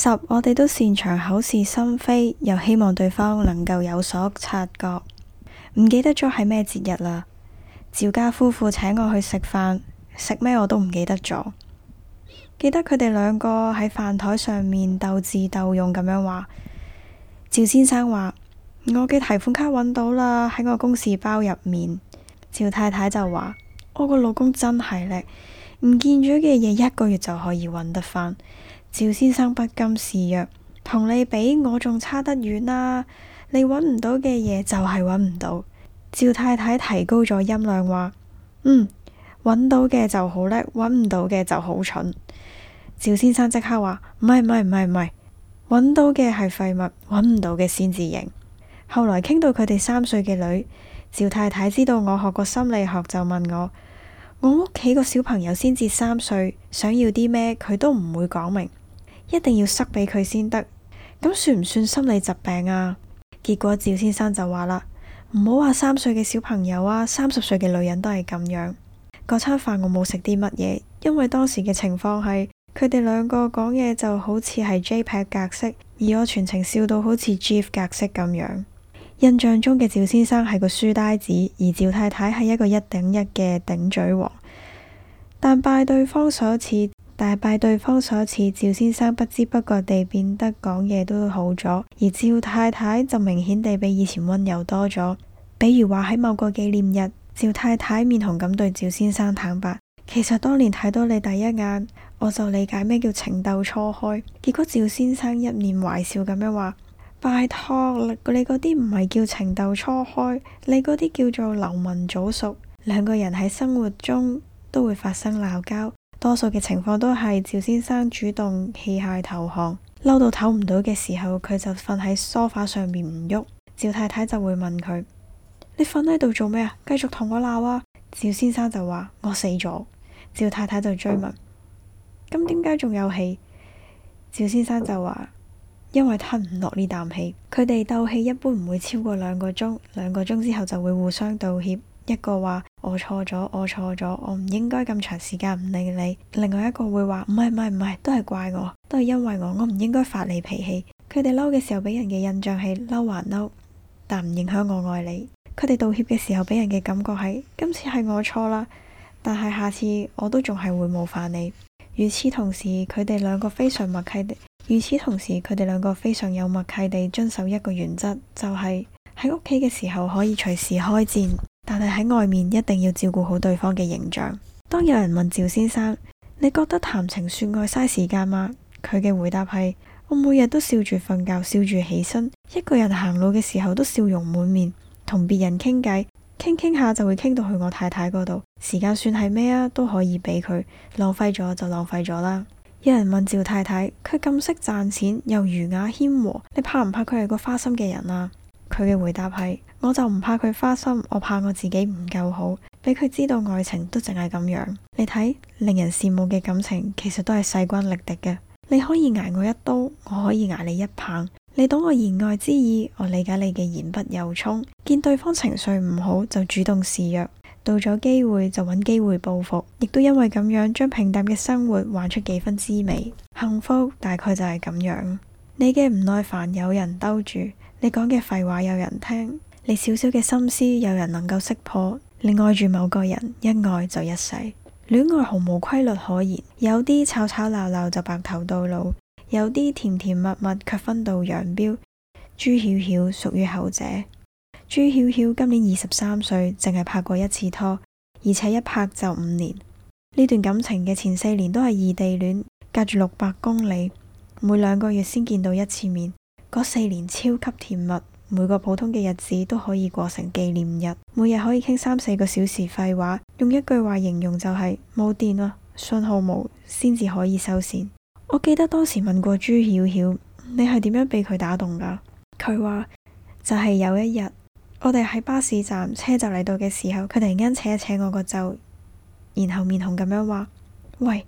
十，我哋都擅長口是心非，又希望對方能夠有所察覺。唔記得咗係咩節日啦？趙家夫婦請我去食飯，食咩我都唔記得咗。記得佢哋兩個喺飯台上面鬥智鬥勇咁樣話。趙先生話：我嘅提款卡揾到啦，喺我公事包入面。趙太太就話：我個老公真係叻，唔見咗嘅嘢一個月就可以揾得返。」趙先生不甘示弱，同你比我仲差得遠啦，啊。你揾唔到嘅嘢就係揾唔到。趙太太提高咗音量話，嗯，揾到嘅就好叻，揾唔到嘅就好蠢。趙先生即刻話：唔係唔係唔係唔係，搵到嘅係廢物，揾唔到嘅先至認。後來傾到佢哋三歲嘅女，趙太太知道我學過心理學就問我：我屋企個小朋友先至三歲，想要啲咩佢都唔會講明。一定要塞俾佢先得，咁算唔算心理疾病啊？結果趙先生就話啦，唔好話三歲嘅小朋友啊，三十歲嘅女人都係咁樣。嗰餐飯我冇食啲乜嘢，因為當時嘅情況係佢哋兩個講嘢就好似係 JPEG 格式，而我全程笑到好似 GIF 格式咁樣。印象中嘅趙先生係個書呆子，而趙太太係一個一頂一嘅頂嘴王，但拜對方所賜。但拜對方所賜，趙先生不知不覺地變得講嘢都好咗，而趙太太就明顯地比以前溫柔多咗。比如話喺某個紀念日，趙太太面紅咁對趙先生坦白：其實當年睇到你第一眼，我就理解咩叫情竇初開。結果趙先生一臉壞笑咁樣話：拜託，你嗰啲唔係叫情竇初開，你嗰啲叫做流氓早熟。兩個人喺生活中都會發生鬧交。多數嘅情況都係趙先生主動棄械投降，嬲到唞唔到嘅時候，佢就瞓喺梳化上面唔喐。趙太太就會問佢：你瞓喺度做咩啊？繼續同我鬧啊！趙先生就話：我死咗。趙太太就追問：咁點解仲有氣？趙先生就話：因為吞唔落呢啖氣。佢哋鬥氣一般唔會超過兩個鐘，兩個鐘之後就會互相道歉，一個話。我錯咗，我錯咗，我唔應該咁長時間唔理你。另外一個會話，唔係唔係唔係，都係怪我，都係因為我，我唔應該發你脾氣。佢哋嬲嘅時候俾人嘅印象係嬲還嬲，但唔影響我愛你。佢哋道歉嘅時候俾人嘅感覺係今次係我錯啦，但係下次我都仲係會冒犯你。與此同時，佢哋兩個非常默契地與此同時，佢哋兩個非常有默契地遵守一個原則，就係喺屋企嘅時候可以隨時開戰。但係喺外面一定要照顧好對方嘅形象。當有人問趙先生，你覺得談情說愛嘥時間嗎？佢嘅回答係：我每日都笑住瞓覺，笑住起身，一個人行路嘅時候都笑容滿面，同別人傾偈，傾傾下就會傾到去我太太嗰度。時間算係咩啊？都可以俾佢，浪費咗就浪費咗啦。有人問趙太太，佢咁識賺錢又儒雅謙和，你怕唔怕佢係個花心嘅人啊？佢嘅回答係。我就唔怕佢花心，我怕我自己唔夠好，俾佢知道愛情都淨係咁樣。你睇令人羨慕嘅感情，其實都係勢均力敵嘅。你可以挨我一刀，我可以挨你一棒。你懂我言外之意，我理解你嘅言不由衷。見對方情緒唔好就主動示弱，到咗機會就揾機會報復，亦都因為咁樣將平淡嘅生活玩出幾分滋味。幸福大概就係咁樣。你嘅唔耐煩有人兜住，你講嘅廢話有人聽。你少少嘅心思，有人能夠識破。你愛住某個人，一愛就一世。戀愛毫無規律可言，有啲吵吵鬧鬧就白頭到老，有啲甜甜蜜蜜卻分道揚鑣。朱曉曉屬於後者。朱曉曉今年二十三歲，淨係拍過一次拖，而且一拍就五年。呢段感情嘅前四年都係異地戀，隔住六百公里，每兩個月先見到一次面。嗰四年超級甜蜜。每個普通嘅日子都可以過成紀念日，每日可以傾三四個小時廢話，用一句話形容就係、是、冇電啦，信號冇，先至可以收線。我記得當時問過朱曉曉，你係點樣被佢打動噶？佢話就係、是、有一日，我哋喺巴士站，車就嚟到嘅時候，佢突然間扯一扯我個袖，然後面紅咁樣話：喂，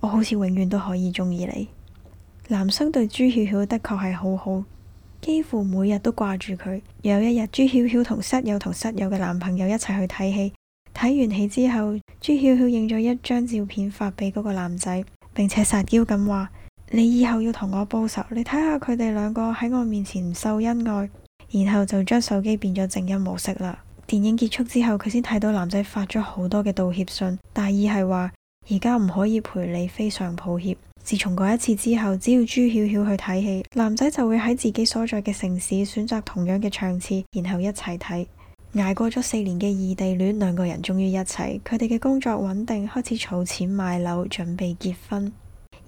我好似永遠都可以中意你。男生對朱曉曉的確係好好。幾乎每日都掛住佢。有一日，朱曉曉同室友同室友嘅男朋友一齊去睇戲，睇完戲之後，朱曉曉影咗一張照片發俾嗰個男仔，並且撒嬌咁話：你以後要同我報仇。你睇下佢哋兩個喺我面前秀恩愛，然後就將手機變咗靜音模式啦。電影結束之後，佢先睇到男仔發咗好多嘅道歉信，大意係話。而家唔可以陪你，非常抱歉。自從嗰一次之後，只要朱曉曉去睇戲，男仔就會喺自己所在嘅城市選擇同樣嘅場次，然後一齊睇。挨過咗四年嘅異地戀，兩個人終於一齊。佢哋嘅工作穩定，開始儲錢買樓，準備結婚。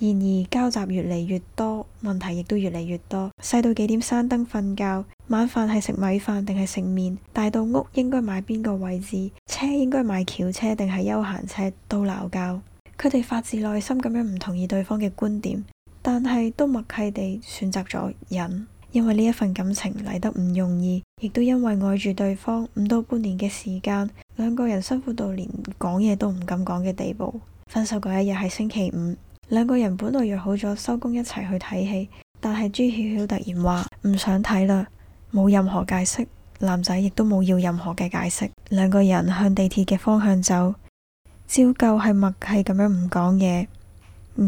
然而交集越嚟越多，問題亦都越嚟越多。細到幾點熄燈瞓覺，晚飯係食米飯定係食麵；大到屋應該買邊個位置，車應該買轎車定係休閒車，都鬧交。佢哋發自內心咁樣唔同意對方嘅觀點，但係都默契地選擇咗忍，因為呢一份感情嚟得唔容易，亦都因為愛住對方。唔到半年嘅時間，兩個人辛苦到連講嘢都唔敢講嘅地步。分手嗰一日係星期五。兩個人本來約好咗收工一齊去睇戲，但係朱曉曉突然話唔想睇啦，冇任何解釋，男仔亦都冇要任何嘅解釋。兩個人向地鐵嘅方向走，照舊係默契咁樣唔講嘢，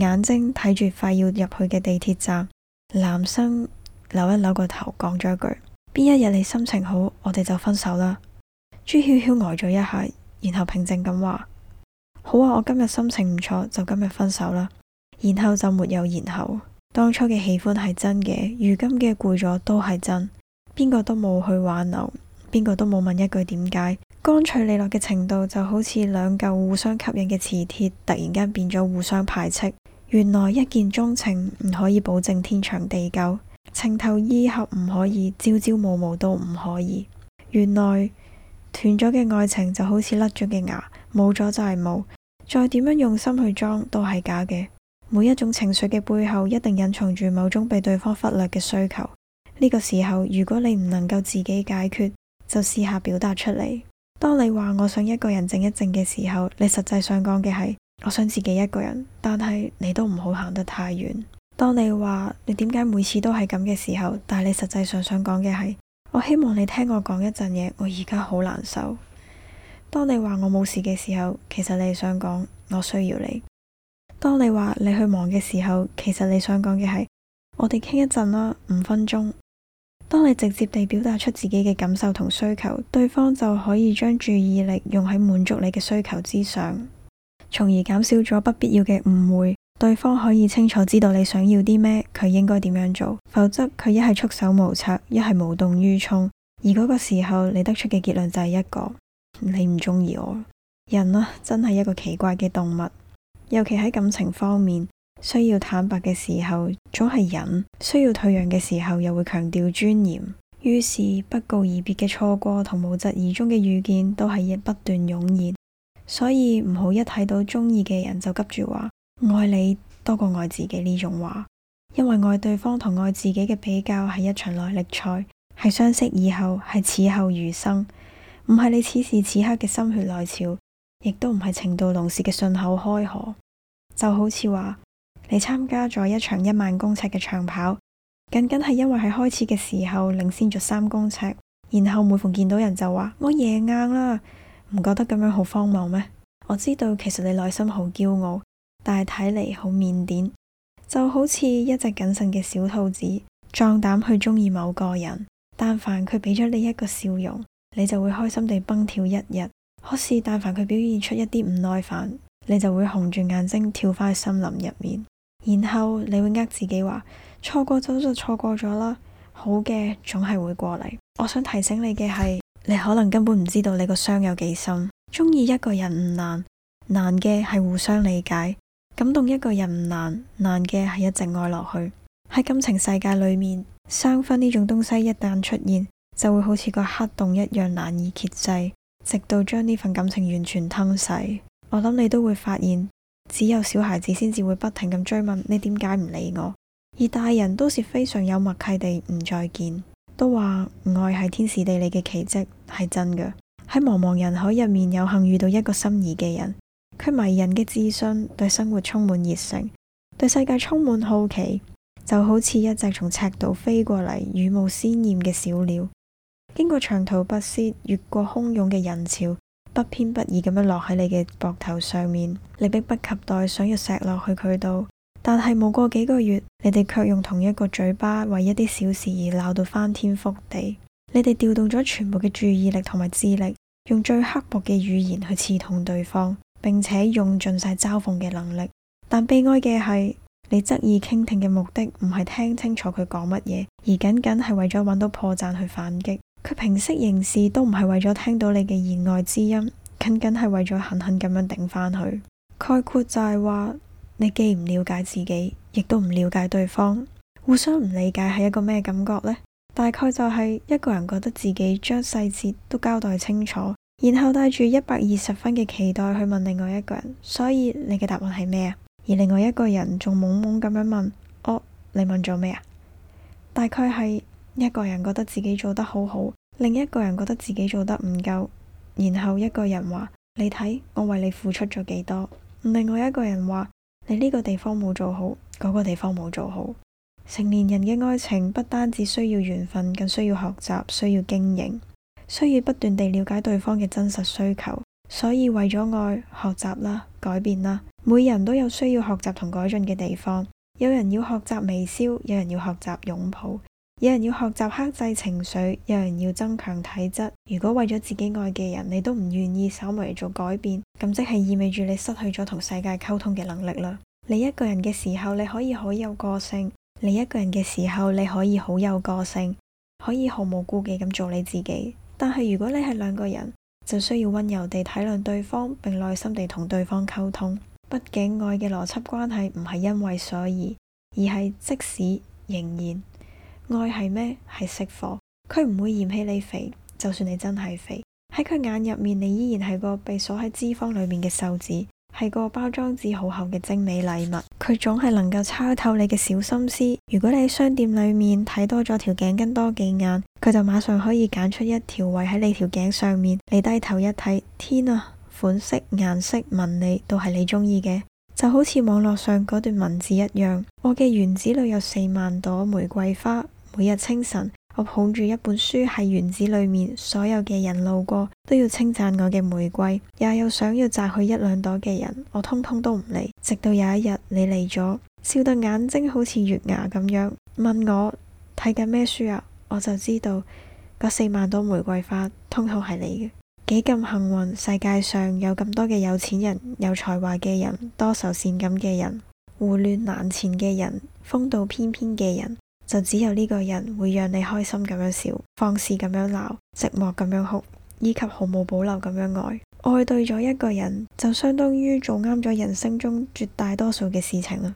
眼睛睇住快要入去嘅地鐵站。男生扭一扭個頭，講咗一句：邊一日你心情好，我哋就分手啦。朱曉曉呆咗一下，然後平靜咁話：好啊，我今日心情唔錯，就今日分手啦。然後就沒有然後。當初嘅喜歡係真嘅，如今嘅攰咗都係真。邊個都冇去挽留，邊個都冇問一句點解。乾脆利落嘅程度就好似兩嚿互相吸引嘅磁鐵，突然間變咗互相排斥。原來一見鍾情唔可以保證天長地久，情投意合唔可以，朝朝暮暮都唔可以。原來斷咗嘅愛情就好似甩咗嘅牙，冇咗就係冇，再點樣用心去裝都係假嘅。每一種情緒嘅背後一定隱藏住某種被對方忽略嘅需求。呢個時候，如果你唔能夠自己解決，就試下表達出嚟。當你話我想一個人靜一靜嘅時候，你實際上講嘅係我想自己一個人。但係你都唔好行得太遠。當你話你點解每次都係咁嘅時候，但係你實際上想講嘅係我希望你聽我講一陣嘢，我而家好難受。當你話我冇事嘅時候，其實你想講我需要你。當你話你去忙嘅時候，其實你想講嘅係我哋傾一陣啦，五分鐘。當你直接地表達出自己嘅感受同需求，對方就可以將注意力用喺滿足你嘅需求之上，從而減少咗不必要嘅誤會。對方可以清楚知道你想要啲咩，佢應該點樣做。否則佢一係束手無策，一係無動於衷。而嗰個時候，你得出嘅結論就係一個你唔中意我。人啊，真係一個奇怪嘅動物。尤其喺感情方面，需要坦白嘅時候總係忍，需要退讓嘅時候又會強調尊嚴，於是不告而別嘅錯過同無疾而終嘅遇見都係亦不斷湧現。所以唔好一睇到中意嘅人就急住話愛你多過愛自己呢種話，因為愛對方同愛自己嘅比較係一場耐力賽，係相識以後係此後餘生，唔係你此時此刻嘅心血來潮，亦都唔係情到濃時嘅信口開河。就好似話你參加咗一場一萬公尺嘅長跑，僅僅係因為喺開始嘅時候領先咗三公尺，然後每逢見到人就話我贏硬啦，唔覺得咁樣好荒謬咩？我知道其實你內心好驕傲，但係睇嚟好靦腆，就好似一隻謹慎嘅小兔子，壯膽去中意某個人，但凡佢俾咗你一個笑容，你就會開心地蹦跳一日。可是但凡佢表現出一啲唔耐煩，你就會紅住眼睛跳返去森林入面，然後你會呃自己話錯過咗就錯過咗啦，好嘅總係會過嚟。我想提醒你嘅係，你可能根本唔知道你個傷有幾深。中意一個人唔難，難嘅係互相理解；感動一個人唔難，難嘅係一直愛落去。喺感情世界裏面，生分呢種東西一旦出現，就會好似個黑洞一樣難以遏制，直到將呢份感情完全吞噬。我諗你都會發現，只有小孩子先至會不停咁追問你點解唔理我，而大人都是非常有默契地唔再見。都話愛係天時地利嘅奇蹟，係真嘅。喺茫茫人海入面，有幸遇到一個心儀嘅人，佢迷人嘅自信，對生活充滿熱誠，對世界充滿好奇，就好似一隻從赤道飛過嚟、羽毛鮮豔嘅小鳥，經過長途跋涉，越過洶湧嘅人潮。不偏不倚咁樣落喺你嘅膊頭上面，你迫不及待想要錫落去佢度，但係冇過幾個月，你哋卻用同一個嘴巴為一啲小事而鬧到翻天覆地。你哋調動咗全部嘅注意力同埋智力，用最刻薄嘅語言去刺痛對方，並且用盡晒嘲諷嘅能力。但悲哀嘅係，你側耳傾聽嘅目的唔係聽清楚佢講乜嘢，而僅僅係為咗搵到破綻去反擊。佢平息形事都唔係為咗聽到你嘅言外之音，僅僅係為咗狠狠咁樣頂返去。概括就係話你既唔了解自己，亦都唔了解對方，互相唔理解係一個咩感覺呢？大概就係一個人覺得自己將細節都交代清楚，然後帶住一百二十分嘅期待去問另外一個人，所以你嘅答案係咩啊？而另外一個人仲懵懵咁樣問，哦，你問咗咩啊？大概係。一個人覺得自己做得好好，另一個人覺得自己做得唔夠，然後一個人話：你睇我為你付出咗幾多？另外一個人話：你呢個地方冇做好，嗰個地方冇做好。成年人嘅愛情不單只需要緣分，更需要學習，需要經營，需要不斷地了解對方嘅真實需求。所以為咗愛，學習啦，改變啦，每人都有需要學習同改進嘅地方。有人要學習微笑，有人要學習擁抱。有人要學習克制情緒，有人要增強體質。如果為咗自己愛嘅人，你都唔願意稍微做改變，咁即係意味住你失去咗同世界溝通嘅能力啦。你一個人嘅時候，你可以好有個性；你一個人嘅時候，你可以好有個性，可以毫無顧忌咁做你自己。但係如果你係兩個人，就需要溫柔地體諒對方，並耐心地同對方溝通。畢竟愛嘅邏輯關係唔係因為所以，而係即使仍然。愛係咩？係識貨，佢唔會嫌棄你肥，就算你真係肥，喺佢眼入面，你依然係個被鎖喺脂肪裏面嘅瘦子，係個包裝紙好厚嘅精美禮物。佢總係能夠猜透你嘅小心思。如果你喺商店裏面睇多咗條頸巾多幾眼，佢就馬上可以揀出一條圍喺你條頸上面。你低頭一睇，天啊，款式、顏色、紋理都係你中意嘅，就好似網絡上嗰段文字一樣，我嘅園子裏有四萬朵玫瑰花。每日清晨，我捧住一本書喺園子裏面，所有嘅人路過都要稱讚我嘅玫瑰，也有想要摘去一兩朵嘅人，我通通都唔理，直到有一日你嚟咗，笑到眼睛好似月牙咁樣，問我睇緊咩書啊，我就知道個四萬朵玫瑰花通通係你嘅。幾咁幸運，世界上有咁多嘅有錢人、有才華嘅人、多愁善感嘅人、胡亂難纏嘅人、風度翩翩嘅人。就只有呢個人會讓你開心咁樣笑，放肆咁樣鬧，寂寞咁樣哭，以及毫無保留咁樣愛。愛對咗一個人，就相當於做啱咗人生中絕大多數嘅事情啦。